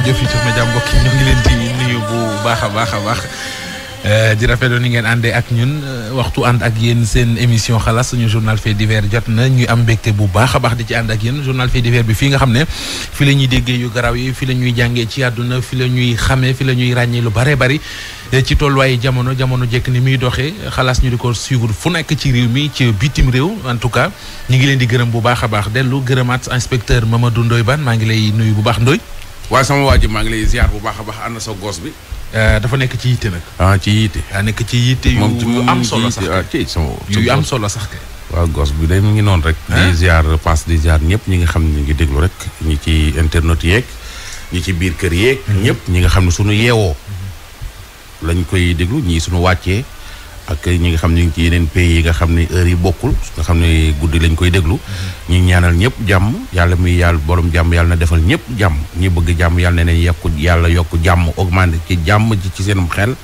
rajo Futurs Médias mbokk yi ñu ngi leen di nuyu bu baax a baax a baax euh, di rafetlu ni ngeen àndee ak ñun euh, waxtu ànd ak yéen seen émission xalaas suñu journal fait divers jot na ñuy am mbégte bu baax a baax di ci ànd ak yéen journal fait divers bi fii nga xam ne fi la ñuy déggee yu garaw yi fi la ñuy jàngee ci àdduna fi la ñuy xamee fi la ñuy ràññee lu bare bari euh, ci tolluwaayu jamono jamono jekk ni muy doxee xalaas ñu di ko suivre fu nekk ci réew mi ci bitim réew en tout cas ñu ngi leen di gërëm bu baax a baax dellu gërëmaat inspecteur Mamadou Ndoye Bane maa ngi lay nuyu bu baax Ndoye waaye sama waa maa ngi lay ziar bu baax a baax ànd sa goos bi. Eh, dafa nekk ci yitte nag. ah ci yitte. daa ah, nekk ci yitte yu am solo sax ah, kay yu am solo sax kay. waaw gos bi day mu ngi noonu rek. Ah. di ziar pass di ziar ñëpp ñi nga xam ne ñu ngi déglu rek ñi ci internet yeeg ñi ci biir kër yeeg. Mm-hmm. ñëpp ñi nga xam ne sunu yeewoo. Mm-hmm. lañ koy déglu ñii sunu wàccee. ak ñi nga xam ne ci yeneen pays yi nga xam ne heure yi bokkul nga xam ne guddi lañ koy déglu ñu ñaanal ñëpp jàmm yàlla muy yàlla borom jàmm yàlla na defal ñëpp jàmm ñu bëgg jàmm yàlla ne ne yokku yàlla yokk jàmm augmenté ci jàmm ji ci seen xel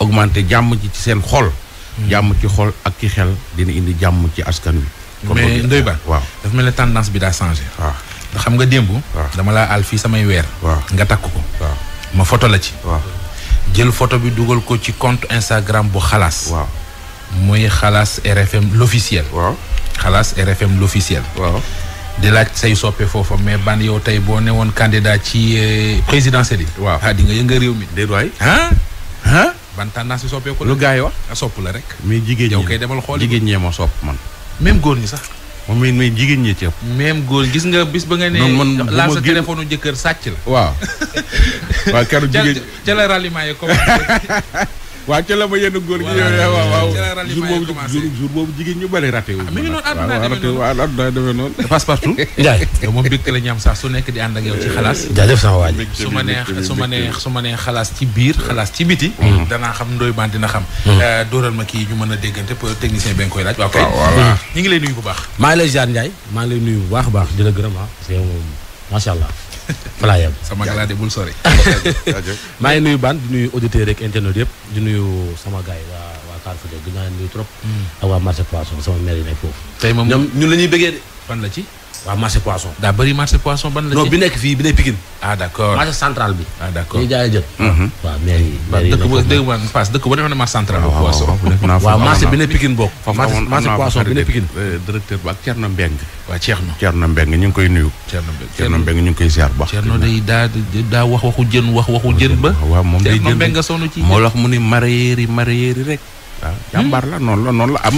augmenté jàmm ji ci seen xol hmm. jàmm ci xol ak ci xel dina indi jàmm ci askan wi kon mais Ndoye Bane waaw dafa mel ne tendance bi daa changé waaw xam nga démb dama laa àll fii samay weer waaw nga takk ko ma foto la ci waaw jël photo bi dugal ko ci compte Instagram bu xalaas. waaw muy xalaas RFM l'officiel. waaw xalaas RFM l'officiel. waaw laaj say soppe foofa mais ban yow tey boo ne woon candidat ci eh, président yi. waaw ah di nga yënga réew mi. déet waay ah ah. ban tendance si soppeeku la. lu gars yi wax ah, sopp la rek. mais jigéen ñi yow demal xool jigéen ñee ma sopp man. même góor ñi sax. moom it may jigéen ñi ci ëpp. même góor gis nga bis ba nga ne. man man laal sa téléphone jëkkër sàcc la. waaw. waaw keroog jigéen ca la ralliement yi commencé. waaw ca la ma yenn góor gi yooyu waaw waaw jour jigéen ñu bari raté wu ah, mi ngi noonu àdduna demee noonu waaw noonu passe partout Ndiaye yow moom dëkk la ñaam su nekk di ànd ak yow ci xalaas jaajëf sama waaj su ma nee su ma nee su ma nee xalaas ci biir xalaas ci biti hmm. danaa xam ndoy baan dina xam hmm. euh, dóoral ma kii ñu mën a déggante pour technicien bi nga koy laaj waaw ah, ñu ngi lay nuyu bu baax maa ngi lay ziar Ndiaye maa ngi lay nuyu bu baax baax di la gërëm ah parce fa laa yem. sama gala de bul maa ngi nuyu baan di nuyu auditeurs rek internet yëpp di nuyu sama gars yi waa waa Carrefour gën naa nuyu trop. Hmm. ak waa marché poisson sama mère yi nekk foofu. tey moom ñoom ñun la ñuy bëggee de. fan la ci. waaw marché poisson. daa bëri marché poisson ban la. non bi nekk fii bi nekk Pikine. ah d' accord ah d' accord jaay jën. Mhm. waaw mairie dëkk dëkk man passe dëkk ba defoon bi nekk Pikine euh, directeur ba ak Thierno Mbengue. waaw Thierno Thierno Mbengue ñu ngi koy nuyu. Thierno Mbengue Thierno Mbengue ñu ngi koy ziar baax. Thierno day daa daa wax waxu jën wax waxu jën ba. waaw moom day jën Thierno Mbengue moo wax mu ni mareyeri mareyeri rek waaw jàmbaar la noonu la noonu la am.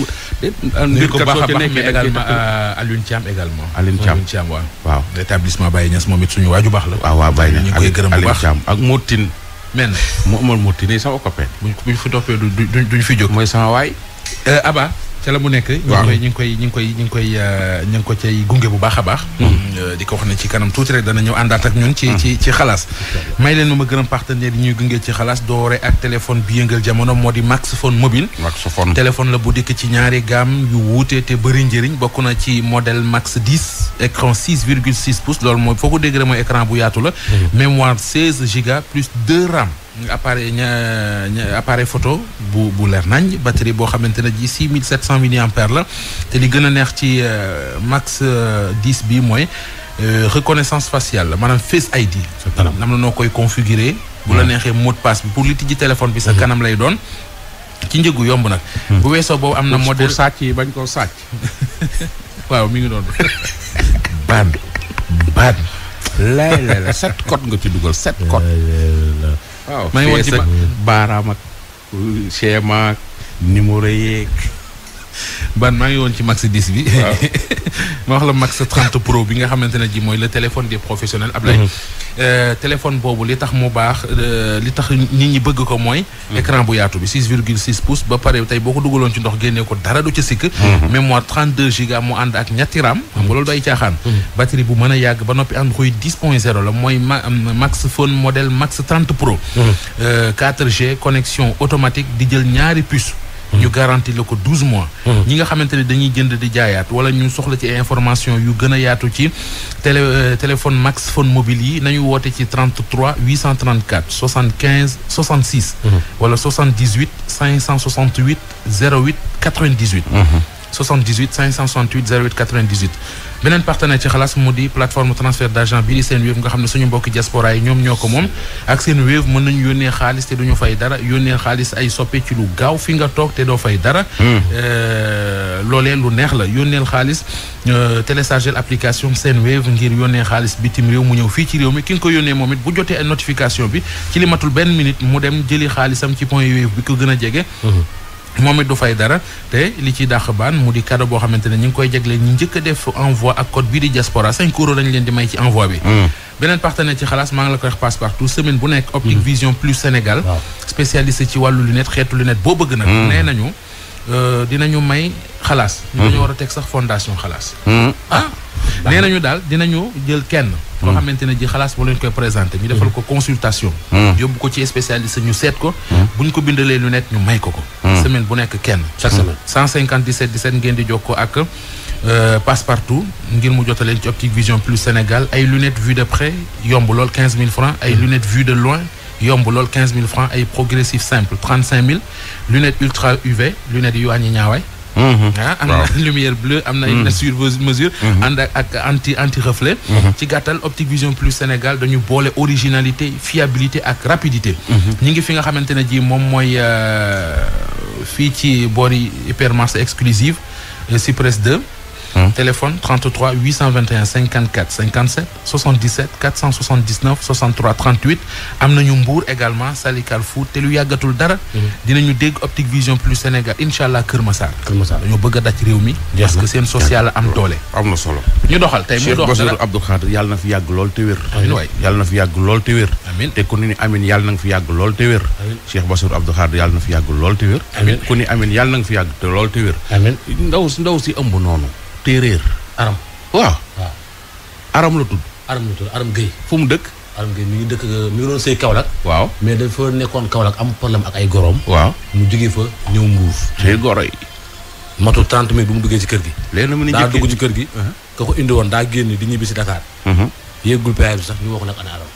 nit ko baax a baax mais également euh, Alioune Thiam également. Alioune Thiam Alioune Thiam waaw. waaw établissement Baye Niass moom it suñu waaju baax la. waaw waaw Baye Niass ñu koy gërëm bu baax ak Moutine. men moo amoon Moutine sama copain. buñ buñ fa toppee duñ duñ fi jóg. mooy sama waay euh, Aba. ca la mu nekk. waaw ñu ngi koy ñu ngi koy ñu ngi koy ñu ngi euh, ko cay gunge bu baax a baax. Hmm. Euh, di ko wax na ci kanam tuuti rek dana ñëw àndaat ak ñun. ci hmm. ci ci xalaas. may leen ma ma gërëm partenaire yi ñuy gunge ci xalaas doore ak téléphone bi yëngal jamono moo di Maxphone mobile. Maxphone téléphone la bu dikk ci ñaari gaam yu wuute te bëri njëriñ bokk na ci modèle Max 10 écran 6 virgule 6 pouces loolu mooy foo ko dégg rek mooy écran bu yaatu la. Hmm. mémoire 16 giga plus 2 RAM. appareil ña ña appareil photo bu bu leer nañ batterie boo xamante ne ji six mille sept cent milliampères la te li gën a neex ci euh, max 10 euh, bi mooy euh, reconnaissance faciale la maanaam face ID. nam na noo koy configurer bu la neexee mot de bi pour li tijji téléphone bi sa mhm. kanam lay doon. ci njëgu yomb nag. Mhm. bu weesoo boobu am na. modèle pour sàcc yi bañ koo sàcc. waaw mi ngi doon. ban ban. lay lay la sept code nga ci dugal sept code. waaw ma ngi woon ci baaraam ak schéma ak numéro ban maa ngi woon ci max 10 bi. ma wax la max 30 pro bi nga xamante ne ji mooy le téléphone des professionnels. Ablaye mhm. euh, téléphone boobu li tax mu baax euh, li tax nit ñi bëgg ko mooy. Mhm. écran bu yaatu bi 6 virgule ba pare tey boo ko dugaloon ci ndox génnee ko dara du ca sikk. Mhm. mémoire 32 giga mu ànd ak ñetti raam. xam nga loolu day caaxaan. batterie bu mën a yàgg ba noppi Android 10.0 la mooy ma euh, max phone modèle max 30 pro. 4G connexion automatique di jël ñaari puce. ñu garanti la ko douze mois hmm. ñi nga xamante ne dañuy jënd di jaayaat wala ñu soxla ci information yu gën a yaatu ci télé euh, téléphone max phone mobile yi nañu woote ci 33 834 75 66 wala 78 568 08 98 78 568 08 98 beneen partenaire ci xalaas mu di plateforme transfert d' argent bii di seen wéew nga xam ne suñu mbokki diaspora ñoom ñoo ko moom ak seen wéew mën nañu yónnee xaalis te duñu fay dara yónnee xaalis ay soppe ci lu gaaw fi nga toog te doo fay dara hmm. euh, loolee lu neex la yónneel xaalis euh, télécharger application seen wéew ngir yónnee xaalis bitim réew mu ñëw fii ci réew mi ki nga ko yónnee moom it bu jotee ay notification bi ci li matul benn minute mu dem jëli xaalisam ci point wéew bi ko gën a jege hmm. moom it du fay dara te li ci dàq baan mu di cadeau boo xamante ne ñu ngi koy jagleel ñu njëkk a def envoi ak code bii di diaspora 5 euros lañ leen di may ci envoi bi. Hmm. beneen partenaire ci xalaas maa ngi la koy wax passe partout semaine bu nekk. Optic hmm. Vision plus Sénégal. spécialiste ci wàllu lunette xeetu lunette boo bëgg nag. Hmm. nee nañu euh, dinañu may xalaas. ñu dañoo war a teg sax fondation xalaas. ah. nee ñu daal dinañu jël kenn koo hmm. xamante ne ji xalaas boo leen koy présenté ñu defal hmm. ko consultation hmm. yóbbu ko ci spécialiste ñu seet ko buñ ko bindalee lu nekk ñu may ko ko semaine bu nekk kenn chaque semaine cent cinquante dix-sept ngeen di jokkoo ak euh, passe partout ngir mu jotaleen ci Optique Vision Plus Sénégal ay lunettes vue de près yomb lool quinze mille francs ay lunettes vue de loin yomb lool quinze mille francs ay progressif simple trente cinq mille lunettes ultra UV lunettes yu wàññi ñaawaay Mm-hmm. ah am na lumière bleue am na une sur mm-hmm. mesure mm-hmm. ànd ak anti anti reflet ci gàttal Optique Vision Plus Sénégal dañu boole originalité fiabilité ak rapidité ñi ngi fi nga xamante ne ji moom mooy euh, fii ci boori hypermarché exclusive euh, Cyprès 2 téléphone 33 821 54 57 77 479 63 38 am nañu Mbour également Salikal Foot te lu yàggatul dara. Mhm. dinañu dégg Optique Vision plus Sénégal incha allah Kër Massar. Kër Massar dañoo bëgg a daj réew mi. parce que seen social am doole. am na solo ñu doxal tey mu dox dara Cheikh Abdou fi yàgg lool te wér. amiin waay lool te wér. amiin te ku ni amiin yàlla na nga fi yàgg lool te wér. amiin Cheikh Bassirou Abdou Khadir yàlla na fi yàgg lool te wér. amiin na nga fi te wér. amiin ndaw si ndaw si noonu téeréer. aram waaw. waaw aram la tudd. aram la fu mu dëkk. aram Guèye mi ngi dëkk mi ngi doon sëy Kaolack. waaw mais dafa nekkoon Kaolack am problème ak ay gorom. waaw mu jógee fa ñëw mbuur. tey goro yi. matu 30 minutes bu mu duggee ci kër gi. léegi nag mu daa dugg ci kër gi. Uh-huh. ka ko indi woon daa génn di ñibbi si Dakar. Uh-huh. yéegul péage bi sax ñu waxul ak ana aram.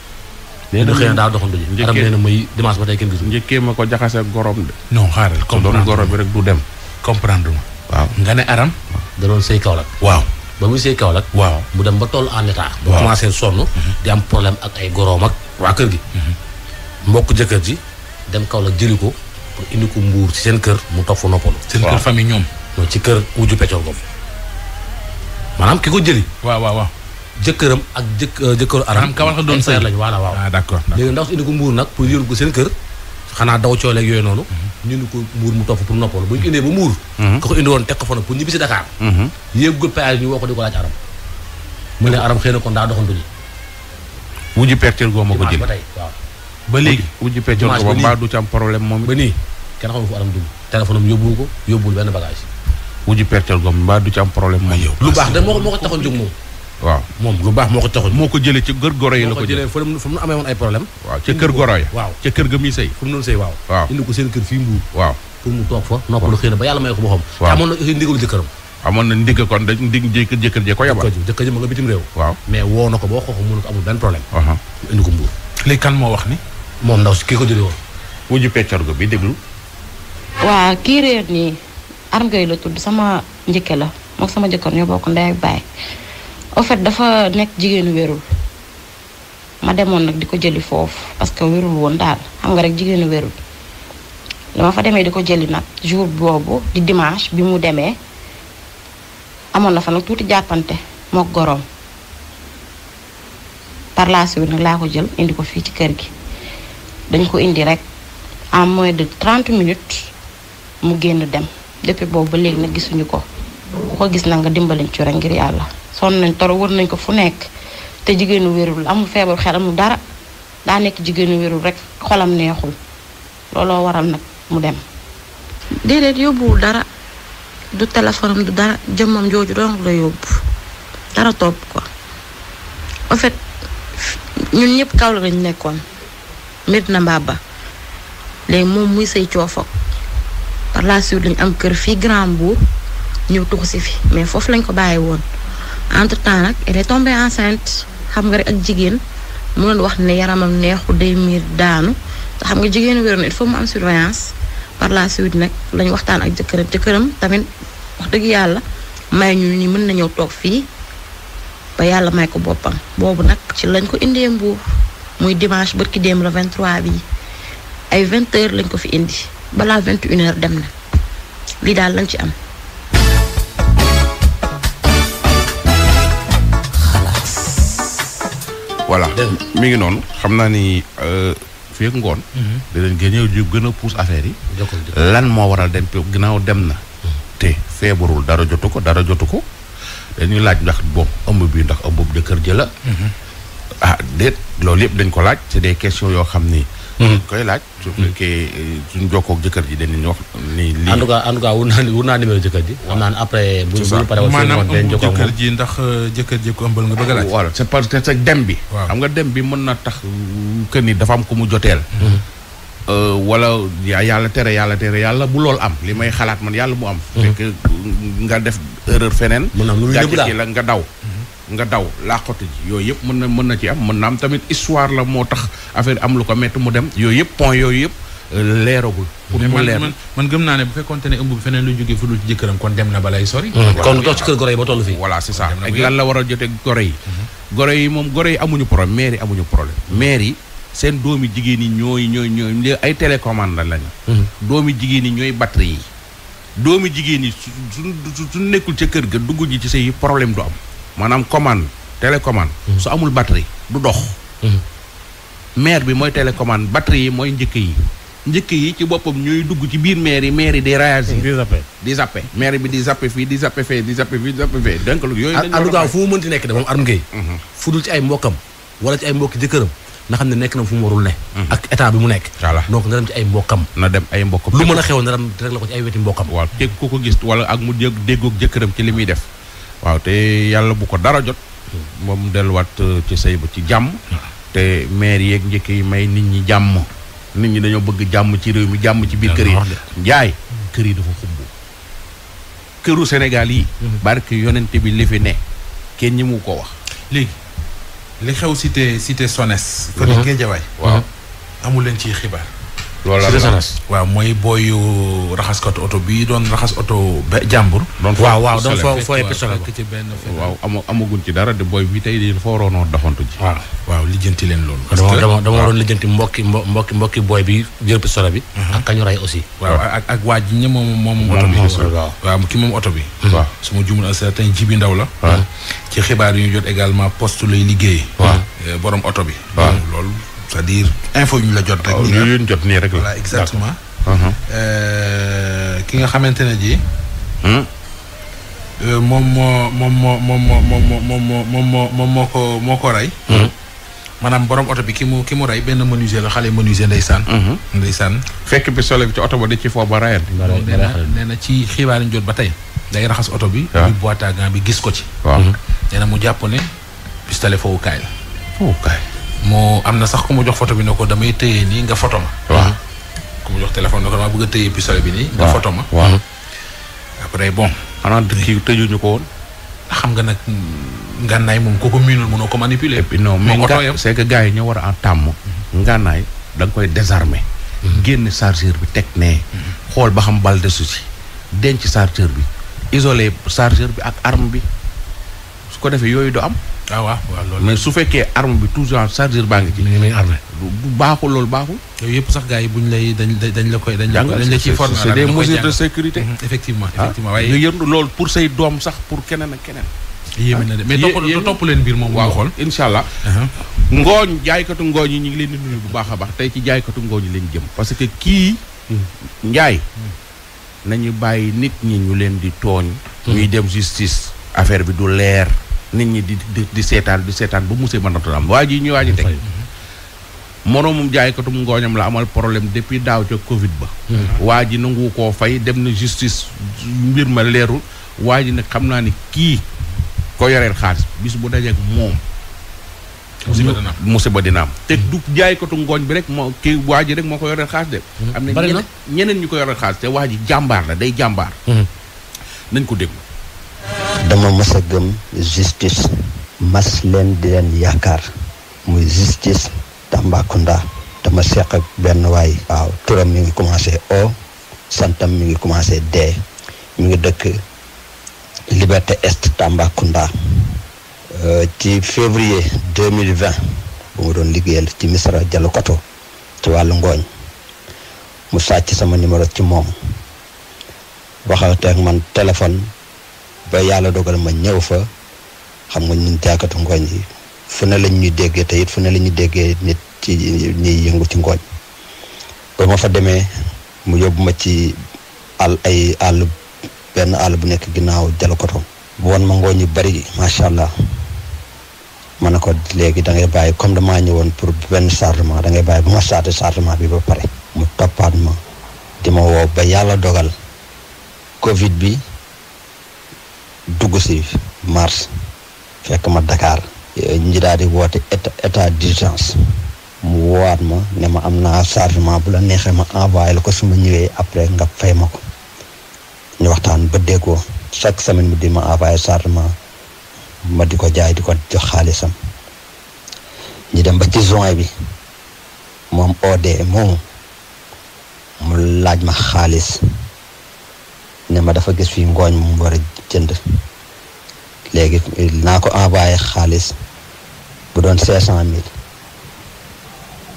léegi nag xëy daa doxantu ji. aram nee na muy dimanche ba tey kenn gisul. njëkkee ma ko jaxase gorom de. non xaaral comprendre rek du dem comprendre waaw nga ne aram da doon sëy Kaolack waaw ba muy sëy Kaolack waaw mu dem ba toll en état ba commencé sonn mhm. di am problème ak ay goroom waa kër gi mhm. mbokk jëkkër ji dem Kaolack jëli ko pour indi ko mbuur ci seen kër mu toog fa noppalu seen kër famille ñoom ci kër wujju peccor ko maanaam ki ko jëli waaw waaw waaw jëkkëram ak euh, jëkkëru aram Kaolack doon sëy lañ ah, léegi ndaw si indi ko mbuur nag pour yóbbu ko seen kër xanaa daw cooleeg yooyu noonu. ñu ni ko muur mu topp pour noppalu bu ñu indee ba muur. Mhm. ka ko indi woon teg ko fa nag pour ñibbi si Dakar. Mhm. yéegu péage ñu woo ko di ko laaj aram. mu ne aram xëy na kon daa doxantu ji. wujji pertir goo ma ko jël ba tey waaw. ba léegi wujji pertir goo ba mbaa du ci am problème moom ba nii kenn xamul fu aram dugg téléphone am yóbbuwu ko yóbbuwul benn bagage. wujji pertir goo mbaa du ci am problème moom yow. lu baax de moo ko moo ko taxoon jóg waaw moom lu baax moo ko taxoon moo ko jëlee ci kër goro yi la ko jëlee fa mu nu amee woon ay problème waaw ca kër goro ya waaw ca kër ga muy sëy fu mu doon sëy waaw waaw indi ko seen kër fii mbuur waaw pour mu toog fa noppalu xëy na ba yàlla may ko boppam amoon na ndigalu jëkkëram amoon na ndig kon da ndig jëkkër jëkkër jee ko yabal jëkkër ji ma nga bitim réew waaw mais woo na ko boo xooxo mënu ko amul benn problème mu indi ko mbuur léegi kan moo wax ni moom ndaw si kii ko jëlee woon wuju peccorgo bi déglu waaw kii réer nii arm gay la tudd sama njëkke la mook sama jëkkër ñoo bokk ndey ak baay au fait dafa nekk jigéenu wérul ma demoon nag di ko jëli foofu parce que wérul woon daal xam nga rek jigéenu wérul dama fa demee di ko jëli nag jour boobu di dimanche bi mu demee amoon na fa nag tuuti jàppante mook goroom par la suite laa ko jël indi ko fii ci kër gi dañ ko indi rek en moins de 30 minutes mu génn dem depuis boobu ba léegi nag gisuñu ko ku ko gis na nga dimbaliñ ci ngir yàlla sonn nañ toro wër nañ ko fu nekk te jigéenu wérul amul feebar xel amul dara daa nekk jigéenu wérul rek xolam neexul looloo waral nag mu dem. déedéet yóbbuwul dara du téléphone du dara jëmmam jooju donc la yóbbu dara topp ko en fait ñun ñëpp kaw lañ nekkoon mbir na ba léegi moom muy say coofok par la suite am kër fii Grand Mbour ñëw tuxu si fi mais foofu lañ ko bàyyi woon. entre temps nag elle est tombée xam nga rek ak jigéen mu doon wax ne yaramam neexu day miir daanu te xam nga jigéenu wér na il faut mu am surveillance par la suite nag lañu waxtaan ak jëkkëram jëkkëram tamit wax dëgg yàlla may ñu ni mën na ñëw toog fii ba yàlla may ko boppam boobu nag ci lañ ko indee mbuur muy dimanche bërki démb la 23 bi ay vingt heures lañ ko fi indi balaa 21 heures dem na lii daal lañ ci am voilà mi ngi noonu xam naa ni euh, fii ak ngoon. Mhm. dinañ gën a ñu gën a pousse affaire yi. lan moo waral dem ginnaaw dem na. Mhm. te feebarul dara jotu ko dara jotu ko dañuy laaj ndax boobu ëmb bii ndax ëmb bu jëkkër jëla mhm. ah déet loolu yëpp dañ ko laaj c'est des questions yoo xam ni. Hmm. koy laaj. su fekkee eh, suñ jokkoo ak jëkkër ji dañuy wax ni lii. en tout cas en tout cas wut naa wut naa numéro jëkkër ji. waaw naa ne après. bu bu paree aussi maanaam jëkkër ji ndax euh, jëkkër ji ko ëmbal nga bëgg a laaj. voilà c'est parce que dem bi. xam nga dem bi mën na tax euh, que nii dafa am ku mu joteel. Hmm. Euh, wala yàlla tere yàlla tere yàlla bu lool am li may xalaat man yàlla bu am. Hmm. fekk nga def erreur feneen. mun na am lu muy la nga daw. nga daw laaxatu ji yooyu yëpp mën na mën na ci am mën na am tamit histoire la moo tax affaire am lu ko métti mu dem yooyu yëpp point yooyu yëpp euh, leeragul. pour mu leer man man gëm naa ne bu fekkoon ne ëmb bi feneen lu jógee fu dul ci jëkkëram kon dem na balay sori. Hmm. kon dox ci kër goro yi ba toll fii. voilà war a jotee goro yi. Hmm. goro yi moom goro yi amuñu problème maire yi amuñu problème maire yi. seen doomi jigéen ñi ñooy ñooy ñooy ay télécommande lañu. Hmm. doomi jigéen ñi ñooy batterie yi. doomi jigéen ñi su su nekkul ca kër ga dugg ji ci say problème du am. maanaam commande télécommande hmm. su amul batterie du dox hmm. maire bi mooy télécommande batterie yi mooy njëkk yi njëkk yi ci boppam ñuy dugg ci biir maire yi maire yi di réagir di zappe di zappe maire di zappe fii di zappe fee di zappe fii di zappe fee donc yooyu en tout cas fu mu mënti nekk de moom Armé hmm. fu dul ci ay mbokkam wala ci ay mbokki jëkkëram na xam ne nekk na fu mu warul ne ak état bi mu nekk donc na dem ci ay mbokkam na dem ay mbokk lu mën a xew na dem rek la ko ci weti mbokkam waaw ku ko gis wala ak mu déggoog jëkkëram ci li muy def waaw te yàlla bu ko dara jot moom delluwaat euh, ci sëy ba ci jàmm te mair yeeg njëkk yi may nit ñi jàmm nit ñi dañoo bëgg jàmm ci réew mi jàmm ci biir kër yi njaay hmm. kër yi dafa xumb këru Sénégal yi hmm. barke yonente bi li fi ne kenn ñi mu ko wax léegi li xew cité cité Sones hmm. fële Géejawaay waaw amu leen xibaar loolu waaw mooy booyu raxaskatu oto bi doon raxas oto ba jàmbur. waaw waaw doon foo fooyee pistolet ci benn waaw ama amagul ci dara de booy bi tey di dafa waroon doxantu ji. waaw waaw lijjanti leen loolu. parce que dama dama waroon lijjanti mbokki mbokki mbokki booy bi jël pistolet bi. Uh-huh. ak kañu rey aussi. waaw ak ak waa ji ñi moom moom. oto bi waaw ki moom oto bi. waaw hmm. su ma juumul un certain jibi ndaw la. Hmm. ci xibaar yu jot également poste lay liggéey. waaw hmm. eh, borom oto bi. waaw loolu. cest diir dire info yu ñu la jot rek. yu ah. jot nii rek la voilà exactement. Uh-huh. Euh, ki nga xamante ne ji. Hmm? Euh, moom moo moom moo moo moo moom moo moom moo moo ko moo ko rey. Hmm? maanaam borom oto bi ki mu ki mu rey benn menuisier la xale menuisier ndeysaan. Hmm? ndeysaan. fekk bi sole bi ci oto ba di ci foofu ba rayal. nee nee na ci xibaar jot ba tey. day raxas oto bi. waaw bi boîte bi gis ko ci. waaw mu jàpp ne pistolet fowukaay fowukaay. moo am na sax ku mu jox photo bi ne ko damay téye nii nga photo ma. waaw ku mu jox téléphone ne ko dama bëgg a téye pistolet bi nii. nga photo ma waaw après bon. xanaa kii tëjuñu ko woon. xam nga nag ngannaay moom ku ko miinul mënoo ko manipuler. et puis non mais c'est que gars yi ñoo war a tàmm. ngànnaay da nga koy désarmer. Mm-hmm. génn chargeur bi teg nee. Mm-hmm. xool ba xam bal desu ci. denc chargeur bi isolé chargeur bi ak arme bi su ko defee yooyu du am. ah waaw loolu mais su fekkee arme bi toujours chargeur baa ngi ci. mi ngi lay armé. baaxul loolu baaxul. yooyu yëpp sax gars yi buñ lay dañ dañ la koy. dañ la koy dañ la ciy former c'est des mesures de sécurité. Mhm, effectivement ah, effectivement waaye. pour say doom sax pour keneen ak keneen. yéeme na de mais topp topp leen mbir moom. waaw xool incha allah. Uh-huh. ngooñ jaaykatu ngooñ yi ñu ngi leen di nuyu bu baax a baax tey ci jaaykatu ngooñ yi leen jëm. parce que kii. Hmm. njaay hmm. nañu bàyyi nit ñi ñu leen di tooñ. Hmm. ñuy dem justice affaire bi du leer. nit ñi di di di seetaan di seetaan ba musée man Notre Dame waa ji ñu waa ji teg moroomum jaaykatum ngooñam la amal problème depuis daaw ca Covid ba. Hmm. waa ji nangu koo fay dem na justice mbir ma leeru waa ji nag xam naa ne kii ko yoreel xaalis bis bu dajeeg moom. musiba dina am te hmm. du jaaykatu ngooñ bi rek moo kii waa ji rek moo ko yoreel xaalis de. Hmm. am na ñeneen ñu ko yoreel xaalis te waa ji jàmbaar la day jàmbaar. nañ ko déglu. dama mas a gëm justice mas leen di leen yaakaar muy justice Tambacounda dama seq ak benn waay waaw turam mi ngi commencé o santam mu ngi commencé d mu ngi dëkk Liberté Est Tambacounda euh, ci février deux mille vingt bu ma doon liggéeyal ci Misra koto ci wàllu ngooñ mu sàcc sama numéro ci moom waxateeg man téléphone ba yàlla dogal ma ñëw fa xam nga ñun jaakatu ngooñ yi fu ne lañ ñuy déggee te it fu ne la déggee nit ci ñuy yëngu ci ngooñ ba ma fa demee mu yóbbu ma ci àll ay àll benn àll bu nekk ginnaaw jalakoto woon ma ngooñ yu bari macha allah ma ne ko léegi da ngay bàyyi comme damaa ñëwoon pour benn chargement dangay bàyyi bu ma saate chargement bi ba pare. mu toppaat ma di ma woo ba yàlla dogal Covid bi. dugg si mars fekk ma dakaar ñi eh, daal di état état d'urgence mu woowaat ma ne ma am naa chargement bu la neexee ma envoyé la ko suma ñëwee après nga fay ma ko ñu waxtaan ba déggoo chaque semaine mu di ma envoyé chargement ma di ko jaay di ko jox xaalisam ñu dem ba ci juin bi moom OD e moomu mu laaj ma xaalis ne ma dafa gis fii ngooñ mu war a jënd léegi naa ko envoyé xaalis bu doon cinq cent mille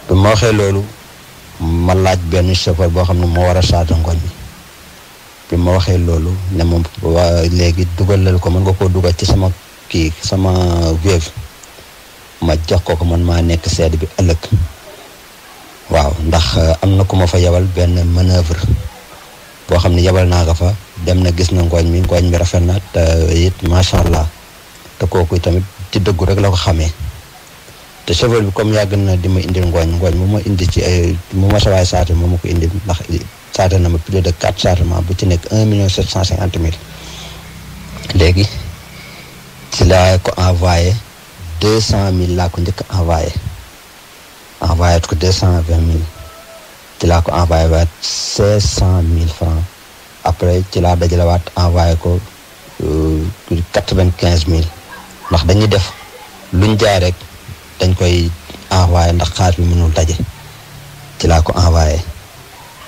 bi ma waxee loolu ma laaj benn chauffeur boo xam ne moo war a saata ngooñ bi ma waxee loolu ne moom waa léegi dugalal ko mën nga koo dugal ci sama kii sama Wave ma jox ko ko man maa nekk seede bi ëllëg waaw ndax am na ku ma fa yawal benn manœuvre boo xam ne yebal naa ko fa dem na gis na ngooñ mi ngooñ mi rafet na te it macha allah te kooku tamit ci dëggu rek la ko xamee te chauffeur bi comme yàgg na di ma indil ngooñ ngooñ mu ma indi ci ay mu ma sawaay saate mu ma ko indi ndax saate na ma plus de quatre chargements bu ci nekk un million sept cent cinquante mille léegi ci laa ko envoyé deux cent mille laa ko njëkk envoyé envoyé ko deux cent vingt mille ci laa ko envoyé waat seize cent mille francs après ci laa dajalewaat envoyé ko euh, quatre vingt quinze mille ndax dañuy def luñ jaay rek dañ koy envoyé ndax xaalis bi mënul daje ci laa ko envoyé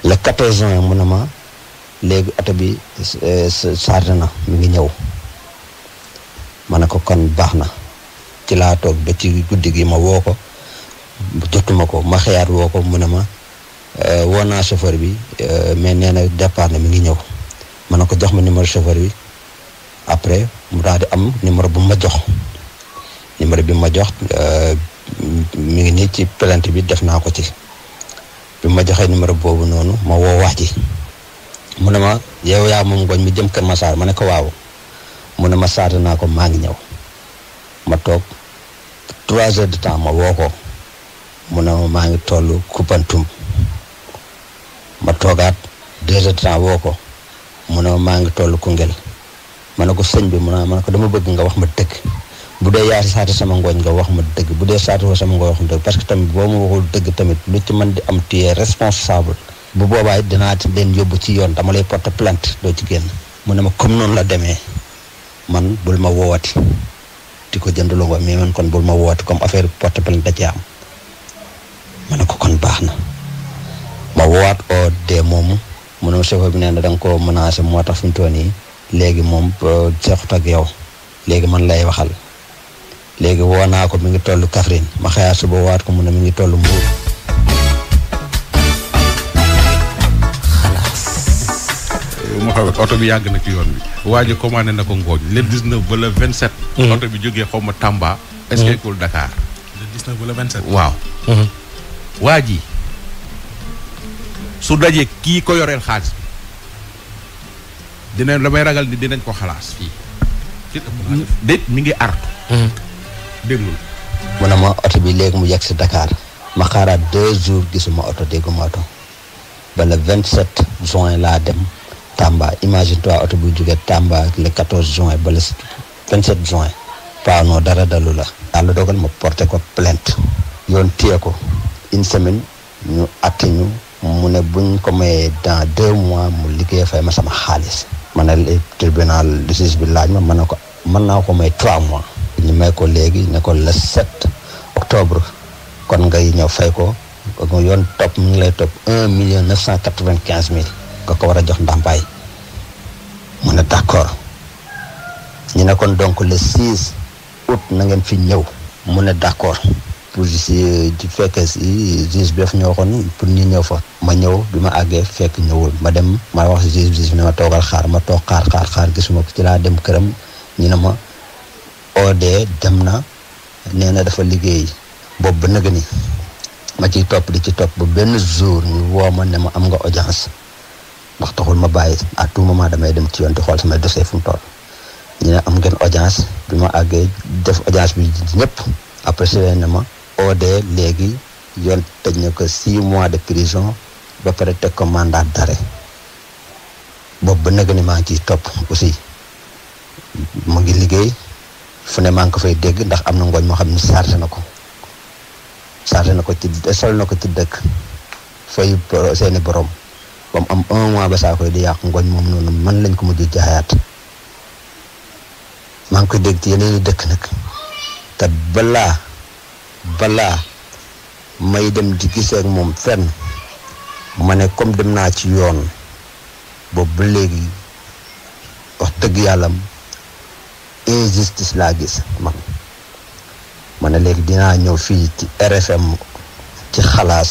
la quatorze juin mu ne ma léegi oto bi euh, chargé na mu ngi ñëw ma ne ko kan baax na ci laa toog ba ci guddi gi ma woo ko jotuma ko ma xëyaat woo ko mu ne ma Euh, woo naa chauffeur bi euh, mais nee na départ na mi ngi ñëw ma ne ko jox ma numéro chauffeur bi après mu daal di am numéro bu ma jox numéro bi ma jox euh, mu ngi nii ci plainte bi def naa ko ci bi ma joxee numéro boobu noonu ma woo wax ji mu ne ma yow yaa moom ngooñ mi jëm Kër Massar ma ne ko waaw mu ne ma saata naa ko maa ngi ñëw ma toog trois heures de temps ma woo ko mu ne maa ngi toll Koupantoum ma toogaat deux heures de temps woo ko mu ne maa ngi toll Koungheul ma ne ko sëñ bi mu ne ma ne ko dama bëgg nga wax ma dëgg bu dee yaa saati sama ngooñ nga wax ma dëgg bu dee saati woo sama ngooñ wax ma parce que tamit boo ma waxul dëgg tamit lu ci man di am tu es responsable bu boobaa it dinaa leen yóbbu ci yoon dama lay porter plainte doo ci génn mu ne ma comme noonu la demee man bul ma woowati di ko jënd lu mais man kon bul ma woowati comme affaire porter plainte da ci am ma ne ko kon baax na ma woowaat ko dee moomu mu ne chauffeur bi nee na da nga koo menacé moo tax fi mu nii léegi moom seexut euh, ak yow léegi man lay waxal léegi woo naa ko mi ngi toll Kaffrine ma xëyaat suba woowaat ko mu ne mu ngi toll Mbour. Mouhamed oto bi yàgg na ci yoon bi waa ji na ko ngooñ le 19 ba le 27. Mhm. oto bi jógee xaw ma tàmba est-ce que mhm. Dakar. le 19 waaw. Mhm. waa ji. su dajee kii ko yoreel xaalis bi dinañ damay ragal ni dinañ ko xalaas fii. déet mi ngi artu. Hmm. déglu. mu ne ma oto bi léegi mu yegg si Dakar. ma xaaraat deux jours gisuma oto dégguma oto ba le vingt sept juin laa dem Tamba imagine toi oto buy jóge Tamba le quatorze juin ba le vingt sept juin. waaw dara dalu la. yàlla dogal ma porté ko plainte. yoon téye ko une semaine ñu àtte mu ne buñ ko mayee dans deux mois mu liggéey fay ma sama xaalis ma ne tribunal justice bi laaj ma man na ko mën naa ko may trois mois ñu may ko léegi nekkoon la le sept octobre kon ngay ñëw fay ko ko yoon topp mi ngi lay topp un million neuf cent quatre-vingt-quinze mille nga ko war a jox ndàmpaay mu ne d'accord ñu ne kon donc le six août na ngeen fi ñëw mu ne d'accord policier euh, di fekkee si juge bi daf ñoo waxoon pour ñu ñëw fa ma ñëw bi ma àggee fekk ñëwul ma dem ma wax si juge bi juge bi ne ma toogal xaar ma toog xaar xaar xaar gisuma ko ci laa dem këram ñu ne ma oodee dem na nee na dafa liggéey boobu ba nëgë ni ma ci topp di ci topp ba benn jour ñu woo ma ne ma am nga audience ndax taxul ma bàyyi à tout moment damay dem ci yoon di xool samay desee fu mu toll ñu ne am ngeen audience bi ma àggee def audience bi ñëpp après si ne ma OD léegi yoon tëj na ko six mois de prison ba pare teg ko mandat d'arrêt boobu ba nag ni maa ngi ciy topp aussi mu ngi liggéey fu ne maa ngi ko fay dégg ndax am na ngooñ moo xam ne chargé na ko chargé na ko ci sol na ko ci dëkk fay seeni borom ba mu am un mois ba saa koy di yàq ngooñ moom noonu man lañ ko mujj jaayaat maa ngi koy dégg ci yeneen i dëkk nag te balaa balaa may dem di gisee ak moom fenn ma ne comme dem naa ci yoon boobu ba léegi wax dëgg yàlla injustice laa gis man ma ne léegi dinaa ñëw fii ci RFM ci xalaas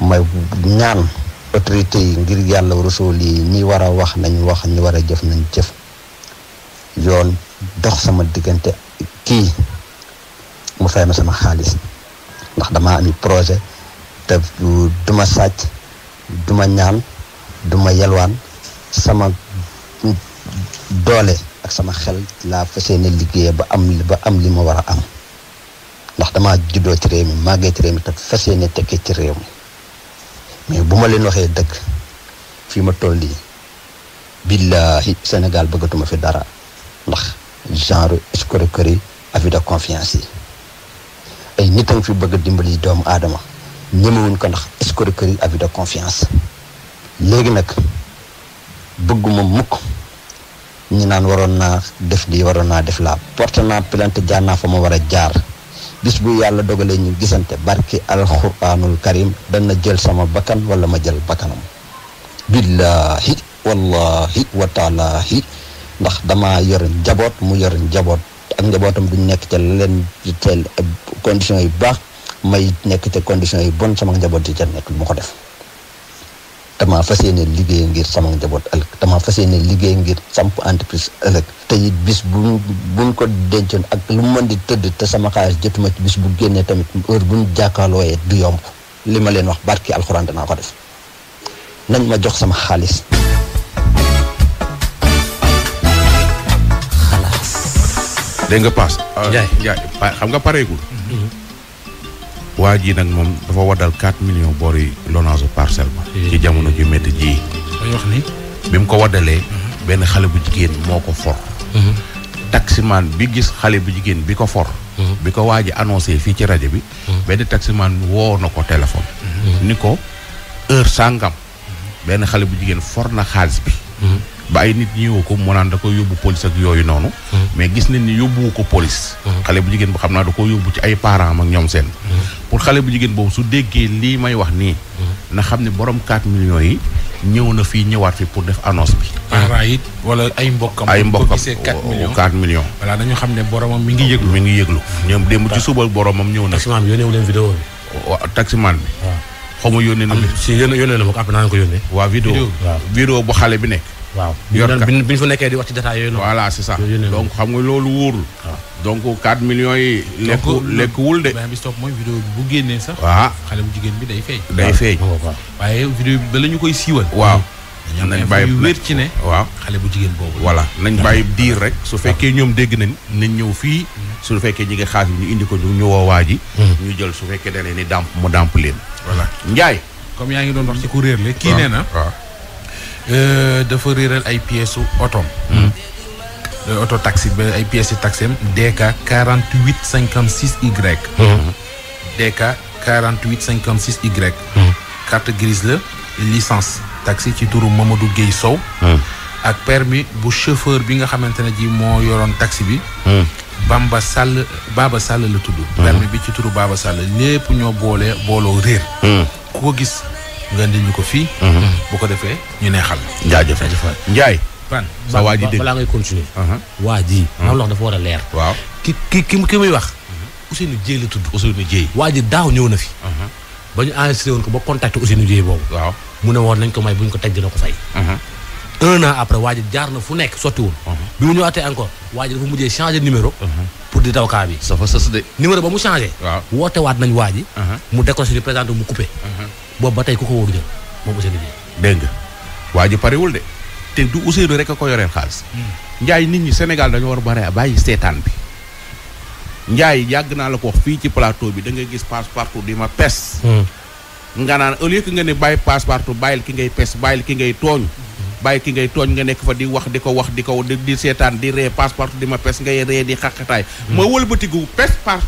may ñaan autorité yi ngir yàlla rasul yi ñi war a wax nañ wax ñi war a jëf nañ jëf yoon dox sama diggante kii mu fay ma sama xaalis ndax damaa ami projet te du ma sàcc duma ñaan du ma yelwaan sama doole ak sama xel laa fas yéene liggéey ba am ba am li ma war a am ndax damaa juddoo ci réew mi màggee ci réew mi te fas yéene tekkee ci réew mi mais bu ma leen waxee dëkk fii ma toll nii billaahi Sénégal bëggatuma fi dara ndax genre escroquerie avis de confiance yi ay nit fi bëgg a dimbali doomu aadama ñemewuñ ko ndax escroquerie abus de confiance léegi nag bëgguma mukk ñu naan waroon naa def lii waroon naa def laa porte naa plainte jaar naa fa ma war a jaar bis bu yàlla dogalee ñu gisante barki alxuraanul karim dana jël sama bakkan wala ma jël bakkanam billaahi wallahi wa taalaahi ndax dama yor njaboot mu yor njaboot ak njabootam duñ nekk ca leen teel conditions yu baax may nekk ca conditions yu bon samak njaboot di ca nekk lu ma ko def dama fas yéene liggéey ngir sama njaboot ëllëg dama fas yéene liggéey ngir samp entreprise ëllëg te it bis bu buñ ko dencoon ak lu mu mën di tëdd te sama xaalis jotuma ci bis bu génnee tamit heure buñ jàkkaarlooyee du yomb li ma leen wax barki alxuraan danaa ko def nañ ma jox sama xaalis dégg nga paas. Ndiaye xam nga pareegul. Mm-hmm. waa ji nag moom dafa waddal 4 millions boori lonage parcelle ba. Mm-hmm. ci jamono ju métti ji. wax ni. bi mu ko waddalee. Mm-hmm. benn xale bu jigéen moo ko for. taximaan bi gis xale bu jigéen bi ko for. bi ko waaj ji fii ci rajo bi. benn taximaan woo na ko téléphone. ni ko heure sàngam. benn xale bu jigéen for na xaalis bi. ba ay nit ñëwoo ko mu naan da koy yóbbu police ak yooyu noonu. Mm-hmm. mais gis nañ ni yóbbuwu ko police. Mm-hmm. xale bu jigéen bu xam naa da ko yóbbu ci ay parents ak ñoom seen. Mm-hmm. pour xale bu jigéen boobu su déggee lii may wax nii. na xam ne borom kaat millions yi ñëw na fii ñëwaat fi pour def annonce bi. parents yi wala ay mbokkam. ay mbokkam 4 millions voilà dañu xam ne boromam mi ngi yëglu mi ngi yëglu. ñoom démb ci suba boromam ñëw na. taximaan bi yónnee wu leen vidéo bi. waaw taximaan yónnee na. na ma naa ko yónnee. waaw vidéo vidéo bu xale bi nekk. waaw bi ñu fa nekkee di wax ci détails yooyu noonu. voilà xam nga loolu wóorul. Ah. donc 4 millions yi. lekk lekkuwul de. mais bi stop mooy bi bu génnee sax. waaw ah. xale bu jigéen bi day feeñ. day feeñ waaye vidéo bi bala ñu koy siiwal. waaw. nañ bàyyi wér ci ne. waaw xale bu jigéen boobu. voilà nañ bàyyi diir rek su fekkee ñoom dégg nañ. nañ ñëw fii. Mm. su fekkee ñi ngi xaas ñu indi ko ñu woowaa ji. Mm. ñu jël su fekkee da ni dàmp mu dàmp leen. voilà Ndiaye. comme yaa ngi doon wax ci ku réer la. kii nee na. Euh, dafa réeral ay pièces otom hmm. euh, oto taxi ba ay pièces yu taxi am DK 48 56 Y. DK 48 56 Y. Hmm. carte grise la licence taxi ci turu Mamadou Guèye Sow. Hmm. ak permis bu chauffeur bi nga xamante ne ji moo yoroon taxi bi. Bamba Sall Baba Sall la tudd. permis bi ci turu Baba Sall lépp ñoo boole booloo réer. ku gis. nga indil ñu ko fii. Mhm. bu ko defee ñu neexal. jaajëf jaajëf Ndiaye. fan sa waa ji dégg balaa ngay continuer. Mhm. waa ji. Mhm. maanaam loxo dafa war a leer. waaw ki ki ki muy wax. Ousseynou Dieye la tudd. Ousseynou Dieye. waa ji daaw ñëw na fi. ba ñu enregistré woon ko ba contacté Ousseynou Dieye boobu. waa mu ne woon nañ ko may bu ñu ko teg dina ko fay. un an après waa ji jaar na fu nekk sottiwul. bi mu ñëwaatee encore waa ji dafa mujjee changé numéro. pour di daw kaa bi. sa fa sës de. numéro ba mu changé. waaw woote waat nañ waa ji. mu décroché di présenté mu coupé. boobu ba tey ku ko wóolu jël moom Ousseynou Dieng. dégg waa ji parewul de te du Ousseynou rek a ko yoreel xaalis. Hmm. njaay nit ñi Sénégal dañoo war a bare bàyyi seetaan bi. Ndiaye yàgg naa la ko fii ci plateau bi da ngay gis passe partout di ma pes. Hmm. nga naan au lieu nga ne bàyyi passe partout bàyyil ki ngay pes bàyyil ki ngay tooñ. Hmm. bàyyi ki ngay tooñ nga nekk fa di wax di ko wax di ko di seetaan di ree passe partout di ma pes ngay ree di xaqataay. ma wëlbatiku pes passe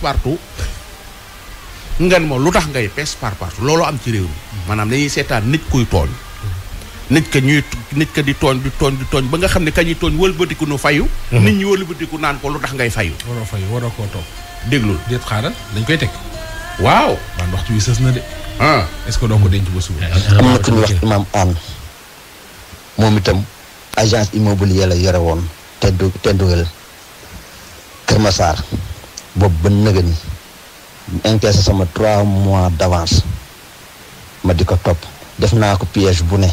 ngan ma lu tax ngay pes par par loolu am ci réew mi maanaam dañuy seetaan nit kuy tooñ nit ka ñuy nit ka di tooñ di tooñ di tooñ ba nga xam ne kañuy tooñ wëlbatiku nu fayu mhm. nit ñi wëlbatiku naan ko lu tax ngay fayu waroo fayu waroo koo toog déglul déet xaaral dañ koy teg waaw man waxtu wi sës na de ah est-ce que doo denc ba suba am na ku ñu wax imaam an moom itam agence immobilière la yore woon te du te dugal Kër Massar boobu ba nëga encaissé sama trois mois d'avance ma di ko topp def naa ko piège bu ne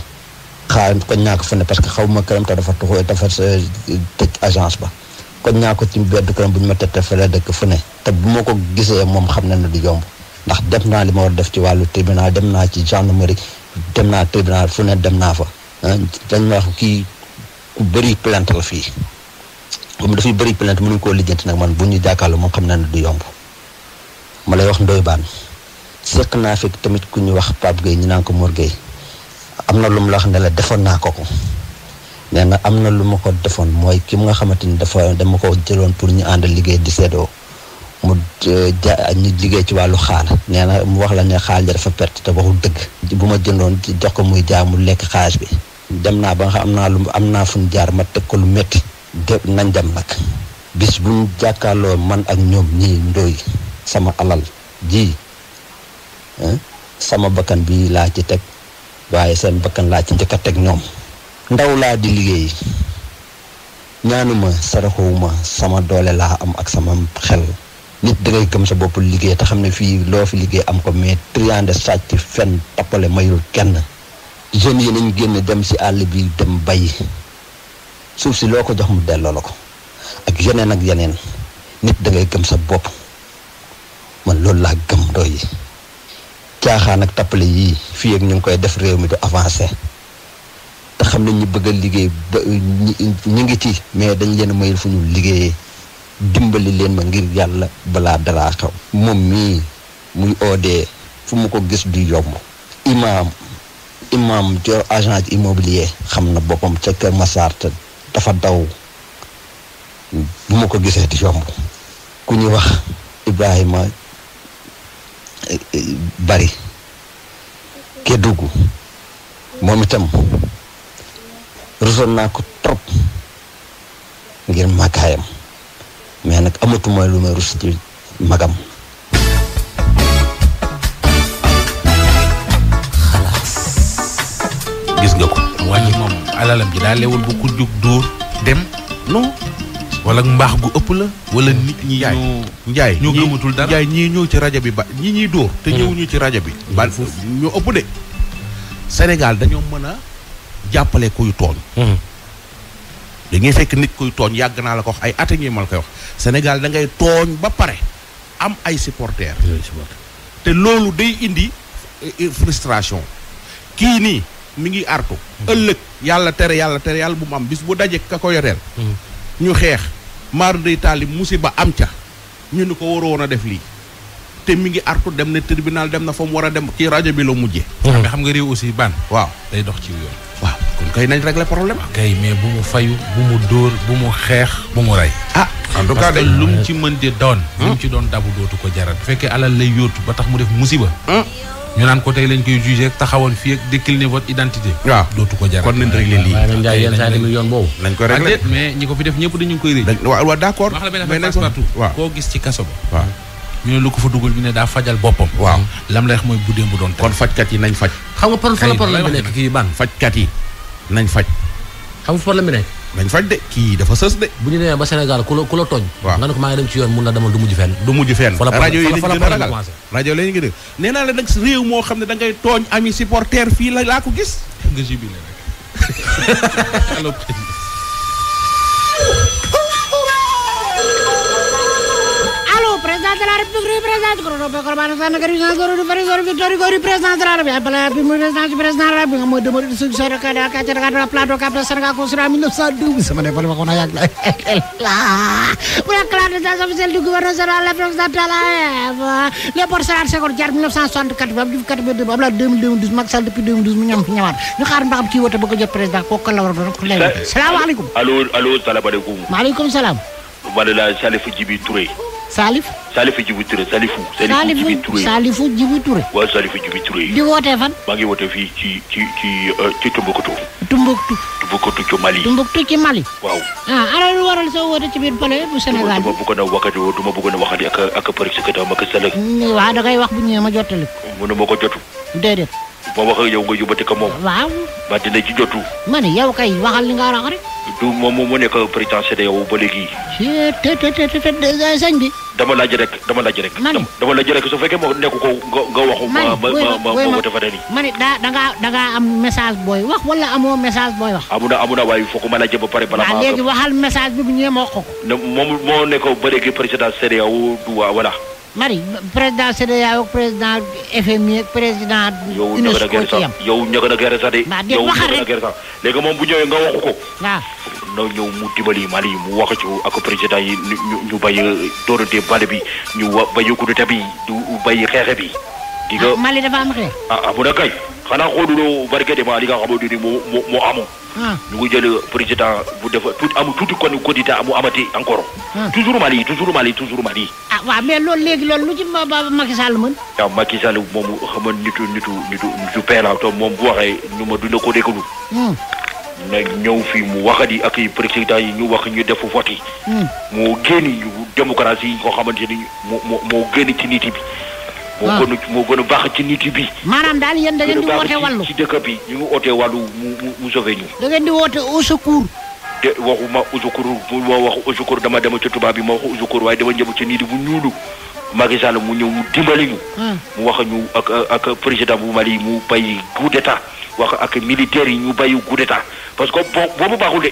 xaar ko ñaa ko fu ne parce que xaw ma këram te dafa tuxu dafa tëj agence ba ko ñaa ko ci beddu këram bu ñu ma tette fële dëkk fu ne te bu ma ko gisee moom xam na ne du yomb ndax def naa li ma war def ci wàllu tribunal dem naa ci gendarmerie dem naa tribunal fu ne dem naa fa dañ ma wax kii ku bëri plainte la fii comme dafay bëri plainte mënuñ koo lijjanti nag man bu ñu jàkkaarloo moom xam na ne du yomb ma lay wax ndoy baan seq naa fekk tamit ku ñu wax Pape Gueye ñu naan ko morge am na lu mu la wax ne defoon naa ko ko nee na am na lu ma ko defoon mooy ki mu nga xamante ni dafa dama ko jëloon pour ñu ànd liggéey di seddoo mu euh, ja ñu liggéey ci wàllu xaal nee na mu wax la ne xaal ja dafa perte te dëgg bu ma jëndoon jox ko muy jaay lekk xaalis bi dem naa ba am naa lu am naa fu jaar ma teg ko lu métti de nañ dem nag bis buñ jàkkaarloo man ak ñoom ñi ndóoy sama alal jii sama bakkan bi laa ci teg waaye seen bakkan laa ci njëkk a teg ñoom ndaw laa di liggéey ñaanuma saraxowuma sama doole laa am ak sama xel nit dangay gëm sa bopp liggéey te xam ne fii loo fi liggéey am ko mais triande sàcc fenn tappale mayul kenn jeunes yi nañ génn dem si àll bi dem bay suuf si loo ko jox mu delloo la ko ak yeneen ak yeneen nit dangay gëm sa bopp man loolu laa gëm doy yi caaxaan ak tappale yii fii ak ñu ngi koy def réew mi du avancé te xam ne ñu bëgg a liggéey ba ñu ngi ci mais dañ leen mayul fu ñu liggéeyee dimbali leen ma ngir yàlla balaa dara xaw moom mii muy oodee fu mu ko gis du yomb imaam imaam jo agent immobilier xam na boppam ca Kër Massar te dafa daw bu ma ko gisee du yomb ku ñuy wax Ibrahima bari Kédougou moom itam rusoon naa ko trop ngir màggaayam mais nag amatu mooy lu may rus ci magam xalaas gis nga ko wàññi moom alalam ji daa lewul bu ku jug dóor dem non wala mbaax gu ëpp la. walla hmm. nit ñi ñu njaay ñoo gëmatul dara ñëw ci rajo bi ba ñi ñuy dóor. te hmm. ñëw ñu ci rajo bi. Hmm. ba ñu ëpp de. Sénégal dañoo mën a jàppale kuy tooñ. dañuy fekk nit kuy tooñ yàgg naa la ko wax ay at ngi mal koy wax. Sénégal da ngay tooñ ba pare am ay supporters. te loolu day indi eh, eh, frustration. kii nii mu ngi artu. ëllëg yàlla tere yàlla tere yàlla bu mu am bis bu daje ka ko yoreel. ñu xeex. maar day taali musiba am ca ñu ni ko waroon a def lii te mi ngi artu dem ne tribunal dem na fa mu war a dem ci rajo bi la mujjee. Ah, mais ah. xam nga réew aussi ban. waaw day dox ci yoon. waaw kon kay nañ régler problème. Ah, kay mais bu mu fayu bu mu dóor bu mu xeex bu mu rey. ah en tout cas mu ci mën di doon. lu hmm? ci doon dabu dootu ko jaral. bu fekkee alal lay yóotu ba tax mu def musiba. Hmm? ñu naan ko tey lañ koy jugé taxawoon fii ak décliné votre identité. waaw dootu ko jar kon nañ réglé lii. waaye nañ jaay yenn saa yi yoon ko réglé mais ñi ko fi def ñëpp dañu koy réglé. waaw waaw koo gis ci kaso ba. ñu ne lu ko fa dugal ñu ne daa fajal boppam. waaw lam lay wax mooy bu démb bu doon tey. kon fajkat yi nañ faj. xam nga problème bi nekk kii ban fajkat yi nañ faj. xam nga problème bi dañ faj de kii dafa sës de. bu ñu demee ba Sénégal ku la ku la tooñ. waaw nga ne ko maa ngi dem ci yoon mun na demal du mujj fenn. du mujj fenn ah, rajo yi lañ gën a ragal rajo yi lañ gën a nee la nag réew moo xam ne da ngay tooñ ami supporter fii la laa ko gis. nga jubilé rek. président de la république représenté ko doon programme sa naka résidence goro du président victoire goro président de la république bala bi mu résidence du président la bi nga mooy demande de solution de cadre ka cadre cadre plateau cap de Sénégal construit en 1912 sama ne bala ko na yàgg la bu la clade de officiel du gouverneur général la président de la les ports Sénégal Senghor jaar 1964 ba Diouf 82 ba la 2012 Macky Sall depuis 2012 mu ñam fi ñëwaat ñu xaar mbaxam kii wote ba ko jot président kooku la war a doon ko lay salaamaaleykum allo allo salaamaaleykum maaleykum salaam wala Salif Djibi Touré Salif. Salifu Djibi Touré Salifu. Salifu Djibi di wootee fan. maa ngi wootee fii ci ci ci euh, ci Tombouctou. Tombouctou. Tombouctou ci Mali. Tombouctou ci Mali. waaw. ah waral sa woote ci biir palais bu Sénégal ma bëggoon a waxati du ma bëggoon a waxati ak ak Paris ma ko Sall. Mm, waaw da ngay wax bu ñëwee ma jottali ko. mënuma ko jotu. déedéet. ma wax ak yow nga yóbbati ko moom. waaw. ba dina ci jotu. ma ne yow kay waxal li nga wax rek. du moom mu nekk président CEDEAO ba léegi. Eh, te te te te dama laaj rek dama laaj rek. man dama laaj rek su fekkee ma nekk ko nga nga waxu. ma ma ma ma ma dafa daa da ngaa da ngaa am message booy wax wala amoo message booy wax. amuna amuna waaye foog ma laajee ba pare. bala maa léegi waxal message bi bu ñëwee ma wax ko. moom moo nekk ba léegi président CEDEAO du waa voilà. Marie président CEDEAO ak président FMI ak président. yow ña gën a gërëm sax ña gën a gërëm sax de. yow ña gën léegi moom bu ñëwee nga waxu ko. waaw. na ñëw mu dimbali Mali mu wax ci ak président yi ñu ñu bàyyi euh, dóorante bal bi ñu wa bàyyi kudute bi ñu bàyyi xeexe bi. di nga Mali dafa am xeex. a ah, ah bu dee kay xanaa xooluloo barke de Mali nga xamante ni moo moo Ah. ñu ngi jël président bu def tout am tuuti kon candidat amu amati encore. Ah. toujours Mali toujours Mali toujours Mali. ah waaw mais loolu léegi loolu lu ci ma ba Macky Sall mën. waaw Macky Sall moom xam nitu nitu nitu nitu paix la te moom bu waxee ñu ma dina ko déglu. Hmm. na ñëw fii mu waxati ak i président yi ñu wax ñu def vote yi. Hmm. moo génn yu démocratie yi nga xamante ni moo moo génn ci nit bi. Ah. moo gën a baax ci nit yi bi maanaam daal yéen da ci dëkk bi ñu ngi ootee wàllu mu mu mu sauvé ñu da ngeen di woote au secours te waxuma au secours wax au secours dama dem ci tubaab bi ma wax au waaye dama ñëw ci nit yi bu ñuulu Macky Sall mu ñëw mu dimbali ñu ah. mu wax ñu ak ak président bu Mali mu bàyyi coup wax ak militaires yi ñu bàyyi coup parce que bo boobu baaxul de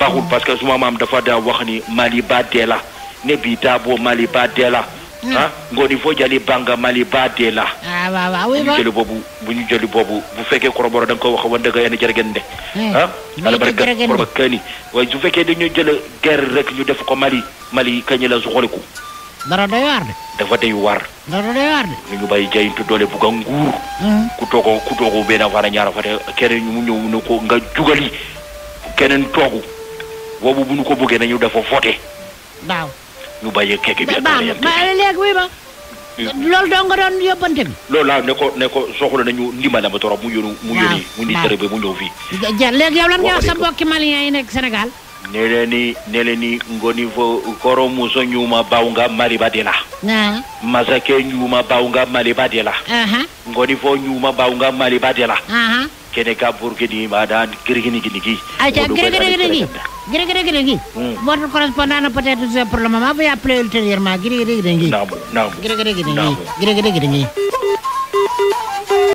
baaxul ah. parce que suma maam dafa daa wax ni Mali ba dee la ne bii daa boo Mali ba dee ah ngooni fo jali banga mali ba de la ah boobu bu ñu jëli boobu bu fekkee koroboro da nga ko wax wanda ga yene jërëgen de ah eh, ala barka koroba kani waaye su fekkee dañu jël guerre rek ñu def ko mali mali kañ la su xoliku dara day waar de dafa day waar dara day waar de ñu bàyyi jayintu doole bugg nguur hmm. ku toogoo ku toogoo benn faana ñaara fate keneen mu ñëw ne ko nga jugali keneen toogu boobu bu ñu ko bëggee nañu dafa voté waaw ñu bàyyi keke bi ak yam bi ba léegi wi ba loolu doo nga doon yóbbante bi loolu laa ne ko ne ko soxla nañu ndimbalam torop mu yónni mu yónni mu ni tere mu ñëw ja léegi yow lan nga wax sa mbokki malien yi nekk Sénégal ne leen ni ne leen ni ngoni fo koro muso ñuma bawnga maliba de la masake ñuma bawnga maliba de la ngoni fo ñuma bawnga maliba de la kene ka pour ke ni maada girgini gini gi acha girgini gini gi girgini gini gi votre correspondant peut-être c'est pour le moment vous appelez ultérieurement girgini gini gi girgini gini gi girgini gini gi